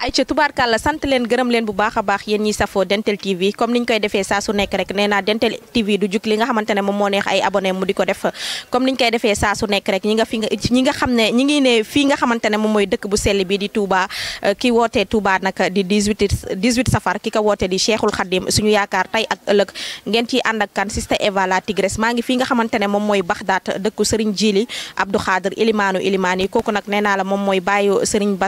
ay ayca la sant leen gërëm leen bu baax a baax yéen ñi safoo Dental TV comme niñ koy defee saa su nekk rek nee naa Dental TV du jug li nga xamante ne moom moo neex ko def koy defee saa su nekk rek ñi nga fi nga ne ñi ngi ne fii nga xamante ne moom mooy dëkk bu sell bi di Touba euh, ki wootee Touba nag di 18 18 safar ki ko wootee di Cheikhul Khadim suñu yaakaar tey ak ëllëg ngeen ciy ànd ak kan Sista Eva maa ngi fii nga xamante ne moom mooy Baxdaat dëkku Serigne Djili Abdou Khadir Ilimaanu Ilimaan yi kooku nag nee naa la moom mooy bàyyu Serigne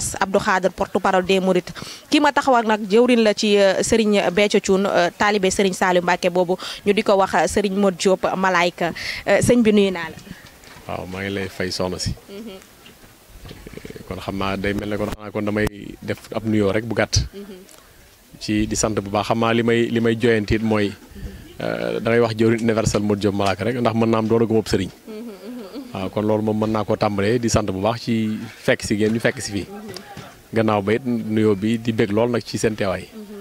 Mouride kii ma taxawal nag jëwrin la ci euh, Serigne Béthio Thioune euh, taalibe sëriñ Saliou Mbacké boobu ñu di ko wax euh, Serigne Modou Diop Malaayka sëñ bi nuyu naa la. waaw maa ngi lay fay soxna si. Mm-hmm. kon xam naa day mel ne kon xanaa kon damay def ab rek bu gàtt. Mm-hmm. ci di sant bu baax xam li may li may joyantiit mooy mm-hmm. dangay wax jëwrin universel Modou Diop Malaayka rek ndax mën naa am doonagum ab Serigne. waaw kon loolu moom mën naa koo tàmbalee di sant bu baax ci fekk si ngeen ñu fekk si fii. gannaaw ba it nuyoo bi di bég lool nag ci seen teewaay waaw mhm,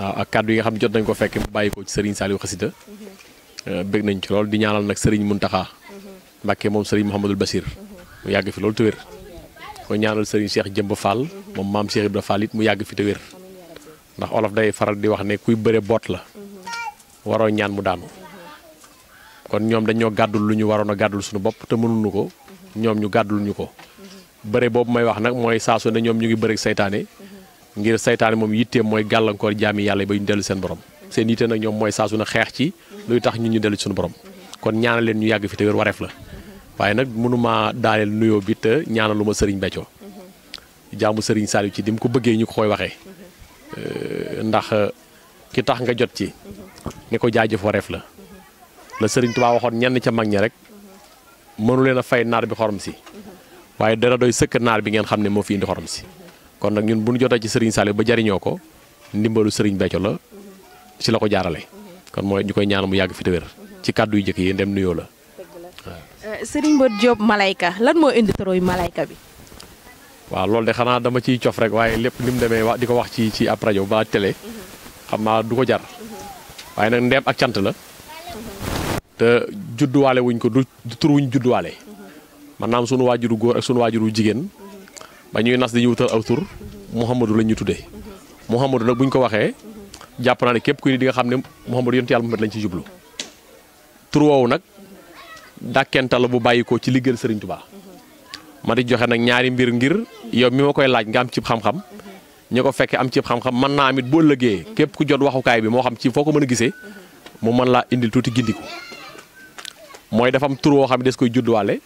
mhm. ah, ak kàddu yi nga xam jot nañ ko fekk mu bàyyi ko ci Serigne Saliou Xasida mhm. eh, bég nañ ci lool di ñaanal nag sëriñ mun taxa Mbacké moom Serigne Mouhamadul Bassir mu yàgg fi loolu te wér ko ñaanal Serigne seex Jëmb Fall moom maam Cheikh Ibra Fall it mu yàgg fi te wér ndax olof day faral di wax ne kuy bëre boot la waroo ñaan mu daanu kon ñoom dañoo gàddul lu ñu waroon a gàddul suñu bopp te mënuñu ko ñoom ñu gàddul ko. bëre boobu may wax nag mooy saasu ne ñoom ñu ngi bëre seytaane mhm. ngir seytaane moom yitteem mooy gàllankoor jaami yàlla ba ñu dellu seen borom mhm. seen yitte nag ñoom mooy saasu na xeex ci mhm. luy tax ñu ñu dellu suñu borom kon ñaanal leen ñu yàgg fi te wér wareef la waaye nag mënuma daaneel nuyoo bi te ñaana lu ñaanaluma sëriñ Béthio jaamu sëriñ Saliou ci di mu ko bëggee ñu ko koy waxee euh, ndax euh, ki tax nga jot ci ni ko jaajëf wareef la la sëriñ Tuubaa waxoon ñenn ca mag ñi rek mënu a fay naar bi xorom si waaye dara doy sëkk naar bi ngeen xam ne moo fi indi xorom si kon nag ñun bu ñu jotee ci Serigne Saliou ba jariñoo ko ndimbalu Serigne Béthio la ci la ko jaarale kon mooy ñu koy ñaanal mu yàgg fi te wér ci kàddu yu jëkk yi ndem nuyoo la. Euh, Serigne Mbodj Diop Malaika lan moo indi toro yu bi. waaw loolu de xanaa dama ciy cof rek waaye lépp ni mu demee wax di ko wax ci ci ab rajo ba tele xam naa du ko jar waaye nag ndeem ak cant la te judduwaale wuñ ko du tur wuñ judduwaale. naa maanaam sunu waajuru góor ak sunu waajuru jigéen ba ñuy nas di ñu wutal aw tur Mouhamadou lañ ñu tuddee Mouhamadou nag bu ñu ko waxee jàpp naa ne képp kuy di nga xam ne Mouhamadou yonent yàlla Muhammad lañ ci jublu tur woowu nag dàkkental la bu bàyyikoo ci liggéeyal Serigne Touba. ma di joxe nag ñaari mbir ngir yow mi ma koy laaj nga am cib xam-xam ñi ko fekkee am cib xam-xam mën naa amit boo lëggee képp ku jot waxukaay bi moo xam ci foo ko mën a gisee mu mën laa indil tuuti gindiku mooy tur woo xam ne des koy judduwaale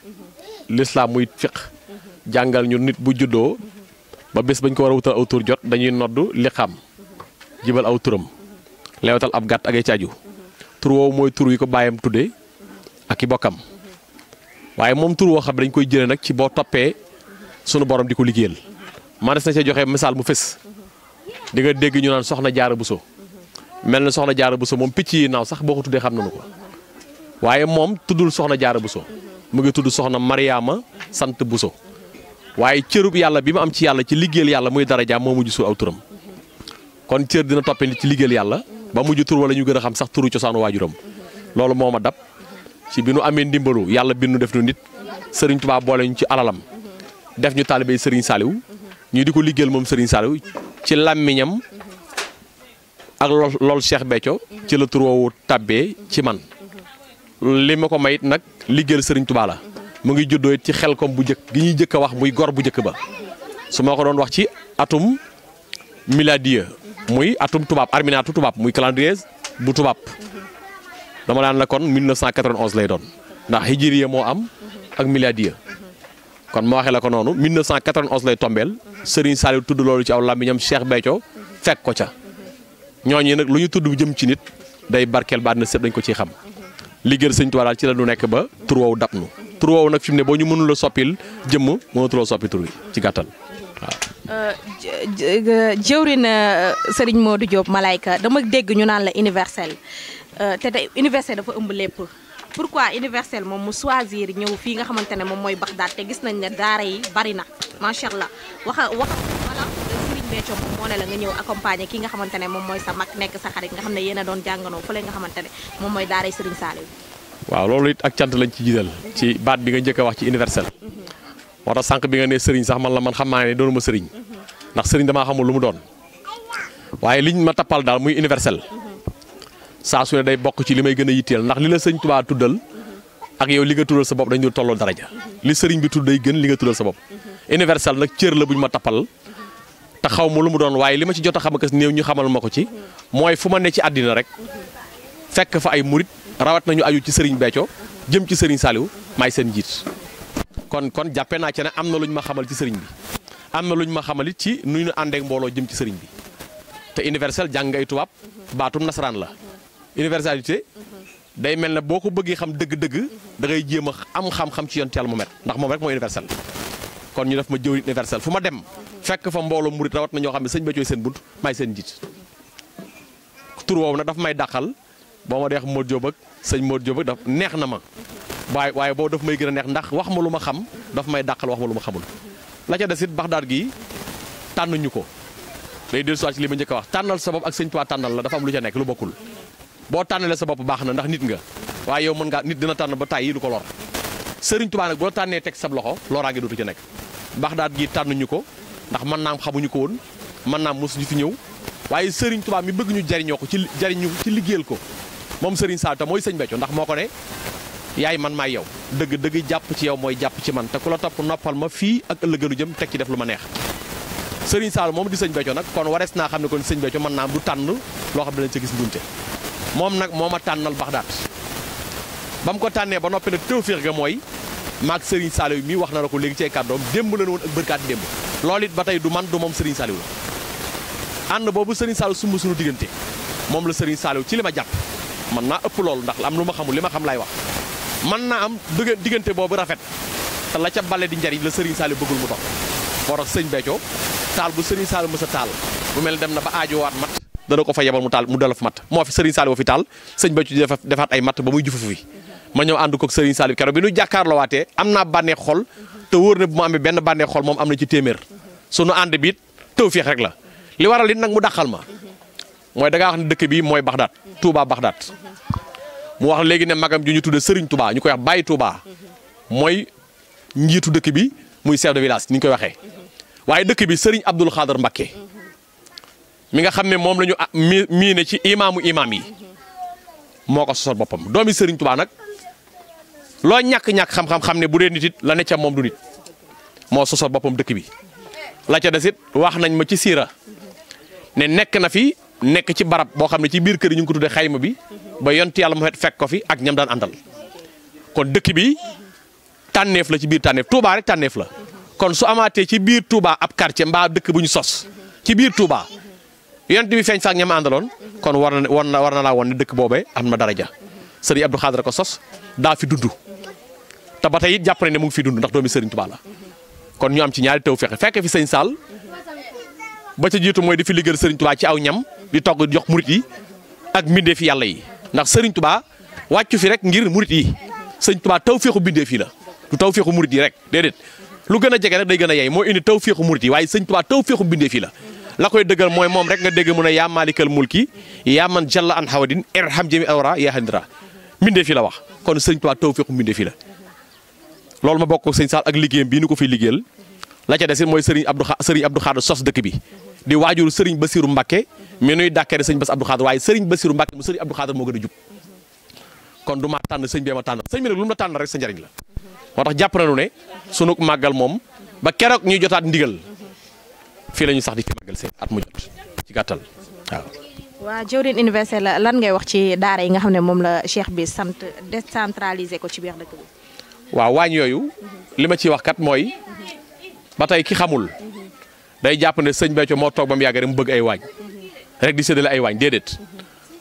lislaam muy fiq jàngal ñu nit bu juddoo ba bés bañ ko war a wutal aw tur jot dañuy nodd li xam jibal aw turam leewatal ab gàtt ak ay caaju tur woowu mooy tur yi ko bàyyam tudde ak i bokkam waaye moom tur woo xam ne dañ koy jëlee nag ci boo toppee sunu borom di ko liggéeyal ma des na see joxe misaal mu fës di nga dégg ñu naan soxna jaara buso mel na soxna jaara buso moom picc yi naaw sax boo ko tuddee xam nañu ko waaye moom tuddul soxna jaara buso mu ngi tuddu soxna Mariama sante buso. waye cërub yalla bima am ci yalla ci liggéeyal yalla muy darajaam moo mujj suul aw turam kon cieur dina toppe ci yalla ba muju tur wala ñu gëna xam sax turu cosaanu wajuram loolu moo ma dab ci binu amé ndimbalu yalla binu def nu nit Serigne Touba bolé ñu ci alalam def ñu talibé Serigne saliw ñu diko ko mom Serigne saliw ci lamiñam ak lol Cheikh Béthio ci le tour wo ci man limako mayit nak liggéeyal sëriñ Tuubaa la mu ngi juddoo ci xel kom bu jëkk gi ñuy jëkk a wax muy gor bu jëkk ba su ma ko doon wax ci atum miladiya muy atum tubaab arminaatu tubaab muy calendrier bu tubaab dama daan la kon 1991 lay doon ndax hijiriya moo am ak miladiya kon ma waxee la ko noonu 1991 lay tombeel Serigne Saliou tudd loolu ci aw làmmiñam Cheikh Béthio fekk ko ca ñooñu nag lu ñu tudd jëm ci nit day barkeel ba àddina sëpp dañ ko ciy xam liggéeyal sëñ Tuubaa daal ci la nu nekk ba tur woowu dab nag fi ne boo ñu mënul soppil jëmm mënatuloo soppi tur wi ci gàttal waaw. Euh, jëwrin euh, moo di Diop malayka dama dégg ñu naan la universel euh, te tey universel dafa ëmb lépp pourquoi universel moom mu choisir ñëw fii nga xamante ne moom mooy Baxdaad te gis nañ ne daara yi bari na macha allah wax ne com moo ne la nga ñew accompagner ki nga xamantene mom moy sa mak nek sa xarit nga xamne ne doon jangano fele nga xamantene mom moy mooy daaray Serigne salew waaw loolu it ak tiant lañ ci jidal ci baat bi nga jëk wax ci universel moo sank bi nga ne Serigne sax man la man xamane naa ne ma Serigne ndax Serigne dama xamul lu mu doon waye liñ ma tapal dal muy universel sa su ne day bok ci limay gëna yittel ndax li la sëñ Tuubaa tuddal ak yow li nga tuddal sa bop dañu tollo daraja li serigne bi tudd day gën li nga tuddal sa bop universel nak cër la buñ ma tapal te xaw ma lu mu doon waaye li ma ci jot a xam ak néew ñu xamal ma ko ci mooy fu ma ne ci àddina rek fekk fa ay murit rawat nañu aju ci Serigne Béthio jëm ci Serigne Saliou maay seen njiit. kon kon jàppee naa ci ne am na luñ ma xamal ci sëriñ bi am na luñ ma xamal ci nu ñu àndeek mbooloo jëm ci sëriñ bi te universel jàng ay tubaab baatu nasaraan la universalité day mel ne boo ko bëggee xam dëgg-dëgg da ngay jéem a am xam-xam ci yonent Yàlla mu met ndax moom rek mooy universel kon ñu def ma jëw universel fu ma dem fekk fa mbolo murit rawat na ño xamni señ sëñ Béthio seen bunt maay seen njiit tur woowu daf may dàqal boo ma deex Modou Diop ak señ Modou Diop ak daf neex na ma way way bo daf may gëna neex ndax wax ma luma xam daf may dàqal wax ma luma xamul la ca desit baghdad baxdaat gi tànnuñu ko day dellu soati li ma ñëk wax tanal sa ak señ tuwa tanal la dafa am lu ca nekk lu bokul bo tanale sa bop baxna ndax nit nga way yow mën nga nit dina tan ba yi lu ko lor sëriñ Tuubaa nak bo tané tek sab loxo loraa ngi dootu ca nekk baghdad gi tànnuñu ko ndax mën naam xamuñu ko woon mën naam mosuñu fi ñëw waaye sëriñ Touba mi bëgg ñu jariñoo ko ci jariñu ci liggéeyal ko moom Serigne Saliou te mooy sëñ Béthio ndax moo ko ne yaay man maay yow dëgg dëgg jàpp ci yow mooy jàpp ci man te ku la topp noppal ma fii ak ëllëgalu jëm teg ci def lu ma neex Serigne Saliou moom di sëñ Béthio nag kon warees naa xam ne kon sëñ Béthio mën naam du tànn loo xam ne dañ sa gis ngunte moom nag moo ma tànnal Baxdaat ba ko tànnee ba noppi nag tawféex ga mooy maag Serigne Saliou mii wax na la ko léegi ci ay kàddoom démb la woon ak bërkaat démb loolu it ba tey du man du moom Serigne Saliou la ànd boobu Serigne Saliou sumb suñu diggante moom la Serigne Saliou ci li ma jàpp man naa ëpp loolu ndax am lu ma xamul li ma xam laay wax man naa am diggante boobu rafet te la ca bale di njariñ la Serigne Saliou bëggul mu dox moo tax sëñ Béthio taal bu Serigne Saliou mës a taal bu mel dem na ba aajowaat mat dana ko fa yebal mu taal mu dala fa mat moo fi Serigne Saliou fi taal sëñ Béthio defaat ay mat ba muy jufu fi ma ñëw ànd koog sëriñ Saliou keroog bi nu jàkkaarloowaatee am naa bànneex xol te wóor na bu mu amee benn bànneex xol moom am na ci téeméer sunu ànd bi it tawfeex rek la li waral it nag mu dàqal ma mooy da ngaa wax ne dëkk bi mooy Baxdaat Touba Baxdaat mu wax léegi ne magam ju ñu tudde Serigne Touba ñu koy wax Baye Touba mooy njiitu dëkk bi muy chef de village ni ñu koy waxee waaye dëkk bi Serigne Abdoul Khadr Mbacké mi nga xam ne moom la mii miine ci imaamu imaam yi moo ko sosal boppam doomi Serigne Touba nag. loo ñàkk-ñàkk xam-xam xam ne bu dee nit it la ne ca moom du nit moo sosal boppam dëkk bi la ca des it wax nañ ma ci siira ne nekk na fi nekk ci barab boo xam ne ci biir kër yi ñu ko tuddee xayma bi ba yont yàlla mu fekk ko fi ak ñam daan àndal kon dëkk bi tànneef la ci biir tànneef Touba rek tànneef la kon su amaatee ci biir Touba ab quartier mbaa dëkk bu ñu sos ci biir Touba yont bi feeñ sax ñam àndaloon kon war na war na war na laa woon ne dëkk boobee am na daraja sëriñ Abdou Khadra ko sos daa fi dudd ba tey it jàpp na ne mu ngi fi dund ndax doomi Serigne Touba la kon ñu am ci ñaari taw fexe fekk fi sëñ Sall ba ca jiitu mooy di fi liggéeyal Serigne Touba ci aw ñam di togg jox murit yi ak mbindeef yàlla yi ndax sëriñ tubaa wàccu fi rek ngir murit yi sëñ Touba taw feexu mbindeef yi la taw feexu murit yi rek déedéet lu gën a jege rek day gën a yey moo indi taw feexu murit yi waaye sëñ taw feexu mbindeef yi la la koy dëggal mooy moom rek nga dégg mun ne yaa maalikal mulki yaa man jalla an hawadin irham jami awra yaa handira mbindeef yi la wax kon sëñ Touba taw feexu mbindeef yi la loolu ma bokk sëñ Saal ak liggéeyam bi ni ko fi liggéeyal la ca des it mooy sëriñ Abdou xa sëriñ Abdou Khadre sos dëkk bi di waajur sëriñ Bassirou Mbacké mi nuy dàkkee sëñ Bass Abdou Khadre waaye sëriñ Bassirou Mbacké mu sëriñ Abdou Khadre moo gën a jub kon du maa tànn sëñ bee ma tànn sëñ bi nag lu mu la tànn rek sa njariñ la moo tax jàpp nañu ne sunu màggal moom ba keroog ñuy jotaat ndigal fii lañu sax di fi màggal seen at mu jot ci gàttal waaw. waa jëwriñ la lan ngay wax ci daara yi nga xam ne moom la cheikh bi sant décentraliser ko ci biir dëkk wa wañ yoyu lima ci wax kat moy batay ki xamul day japp ne seigne Béthio mo tok bam yagare rek mu bëgg ay wañ rek di sédel ay wañ dedet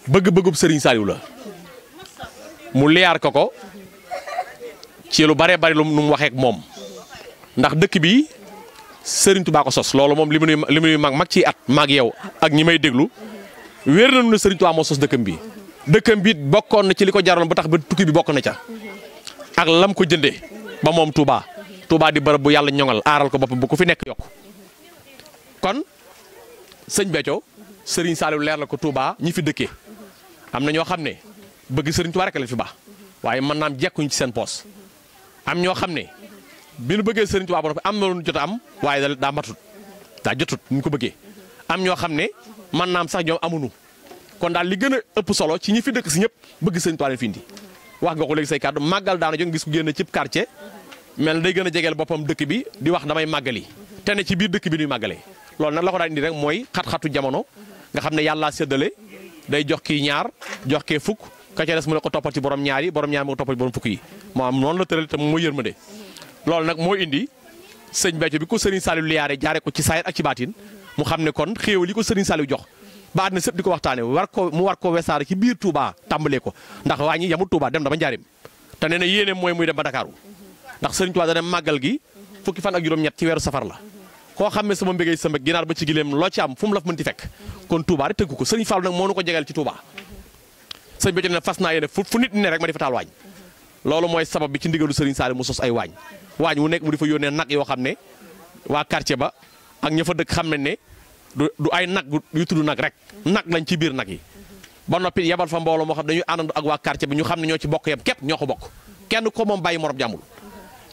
bëgg-bëggub seigne saliw la mu liar koko ci lu bare bari lu mu waxe ak mom ndax dëkk bi seigne Touba ko sos lolu mom limu limu mag mag ci at mag yow ak ñi may déglu wéer nañu ne Touba mo sos dëkkam bi dëkkam bi bokkon na ci liko ko ba tax ba tukki bi bokkon na ca ak lam ko jëndee ba mom Touba Touba di bërëb bu Yalla ñongal aral ko bopam bu ko fi nek yok kon senjiao, Béthio Serigne Saliou leer la ko Touba ñi fi dëkkee amna ño xamné bëgg Serigne Touba rek la fi ba. waye man naam jekkuñ ci seen poste am ño xamné ne bi nu bëggee Touba bopam am na lu jot am waye da matut da jotut ñu ko am ño xamné man naam sax ñom amuñu kon dal li gëna ëpp solo ci ñi fi dëkk si ñëpp bëgg Serigne Touba la fi indi wax nga ko leg say cadeau magal daana jóg gis ku génn quartier mel day gëna a bopam dëkk bi di wax damay magali tane ne ci biir dëkk bi ñuy magalé lool nak la ko daal indi rek moy xat-xatu jamono nga xamné yalla yàllaa day jox ki ñaar jox kee fukk ka ci dess mu ne ko toppal ci borom ñaar yi borom ñaar mu ko borom fukk yi mo am non la te lool nak indi sëñ bëccu bi ko sëriñ Saliou liyaare jaaré ko ci sayr ak ci batine mu xamné kon xéewal yi ko jok jox ba na sëpp di ko waxtaane war ko mu war ko wesaare ci biir Touba tàmbalee ko ndax waa ñi yamul Touba dem na ba Njaarim te nee na yéene mooy muy dem ba Dakaaru ndax Sëriñ Touba dana màggal gi fukki fan ak juróom-ñett ci weeru safar la koo xam ne sama mbégay sama ginaar ba ci gileem loo ci am fu mu la fa mënti fekk kon Touba rek tëgg ko Sëriñ Fallu nag moo nu ko jegal ci Touba sëñ bi ne fas naa yéene fu fu nit ne rek ma di fa taal waañ mooy sabab bi ci ndigalu Sëriñ Saali mu ay waañ waañ wu nekk mu di fa yónnee nag yoo xam ne waa quartier ba ak ña fa dëkk xam ne du du ay nag yu tudd nag rek nag lañ ci biir nag yi ba noppi yebal fa mbooloo moo xam dañuy àndandoo ak waa quartier bi ñu xam ne ñoo ci bokk yam képp ñoo ko bokk kenn ko moom bàyyi morom jàmbul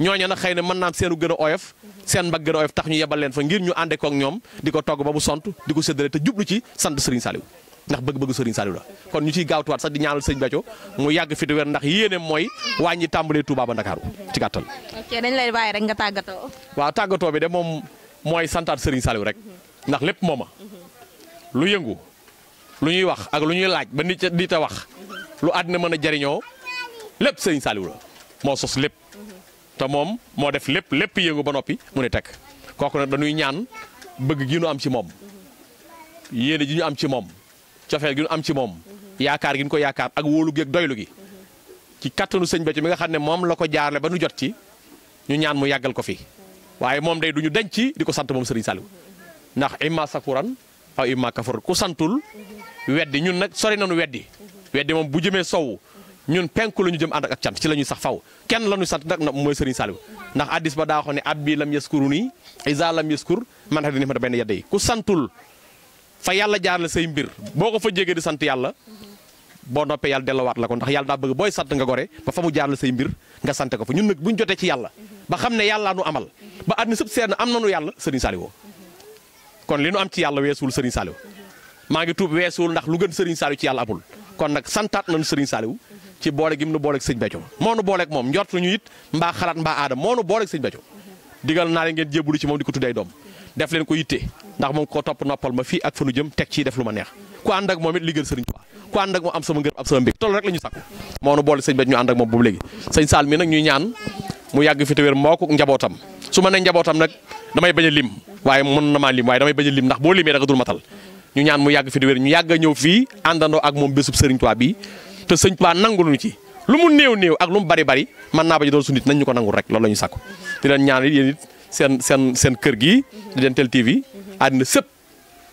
ñooñu nag xëy na mën naam seenu gën a oyof seen mbag gën a tax ñu yebal leen fa ngir ñu àndee ko ak ñoom di ko togg ba mu sont di ko séddale te jublu ci sant Serigne Saliou ndax bëgg-bëgg Serigne Saliou la kon ñu ciy gaawtuwaat sax di ñaanal sëñ Bethio mu yàgg fi di wér ndax yéene mooy wàññi tàmbalee Touba ba Ndakaaru ci gàttal. ok dañ lay bàyyi rek nga tàggatoo. waaw tàggatoo bi de moom mooy santaat Serigne Saliou rek ndax lépp moma lu yëngu lu ñuy wax ak lu ñuy laaj ba nit di ta wax lu àddina mën a jariñoo lépp sëriñ Saliou la moo sos lépp te moom moo def lépp lépp yëngu ba noppi mu ne tekk kooku nag dañuy ñaan bëgg gi ñu am ci moom yéene ji ñu am ci moom cofeel gi ñu am ci moom yaakaar gi ñu ko yaakaar ak wóolu gi ak doylu gi ci kattanu sëñ Béthio mi nga ne la ko jaarle ba nu jot ci ñu ñaan mu yàggal ko fi waaye moom day du denc di ko sant mom sëriñ Saliou ndax imma sakuran aw imma kafur ku santul weddi ñun nak sori nañu weddi weddi mom bu jëmee sow ñun penku luñu jëm and ak cant ci lañuy sax faw kenn lañu sant nak moy serigne saliw ndax hadith ba da xone abbi lam yaskuruni iza lam yaskur man hadini ma ben yadde ku santul fa yalla jaar la sey mbir boko fa jégué di sant bo noppé yalla delo wat la ko ndax yalla da bëgg boy sant nga gore ba famu jaar la sey mbir nga sant ko fa ñun nak buñ jotté ci yalla ba xamné ne nu amal ba adni sub seer na am yalla serigne sëriñ kon li nu am ci yàlla weesuwul Serigne Saliou maa ngi tuub weesuwul ndax lu gën Serigne Saliou ci yàlla abul kon nag santaat nañu Serigne Saliou ci boole gi mu nu booleeg sëñ Béthio moo nu booleeg moom njort nañu it mbaa xalaat mbaa aadam moo nu booleeg sëñ Béthio digal naa leen ngeen jébbalu ci moom di ko tuddee doom def leen ko yitte ndax moom ko topp noppal ma fii ak fa nu jëm teg ci def lu ma neex ku ànd ak moom it liggéeyal Serigne Touba ku ànd ak moom am sama ngërëm la ñu sàkku moo nu boole sëñ Béthio ñu ànd ak moom boobu léegi sëñ Sall mi nag ñuy ñaan mu yàgg fi te wér moo ko njabootam suma ma ne njabootam nag damay bañ lim waye mën na ma lim waye damay bañ lim ndax bo limé da nga dul matal ñu ñaan mu yag fi di wër ñu yag ñew fi andando ak mom bésub Sëriñ bi te Sëriñ Tuubaa nangul ñu ci lu mu neew neew ak lu mu bari bari man na ba ji do sunit nañ ñu ko nangul rek loolu lañu sakku di leen ñaan sen sen sen kër gi di tel TV adina sepp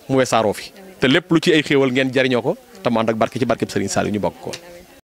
mu wessaro fi te lepp lu ci ay xéewal ngeen jariñoo ko te ak barke ci barkeb Sëriñ ñu bokk ko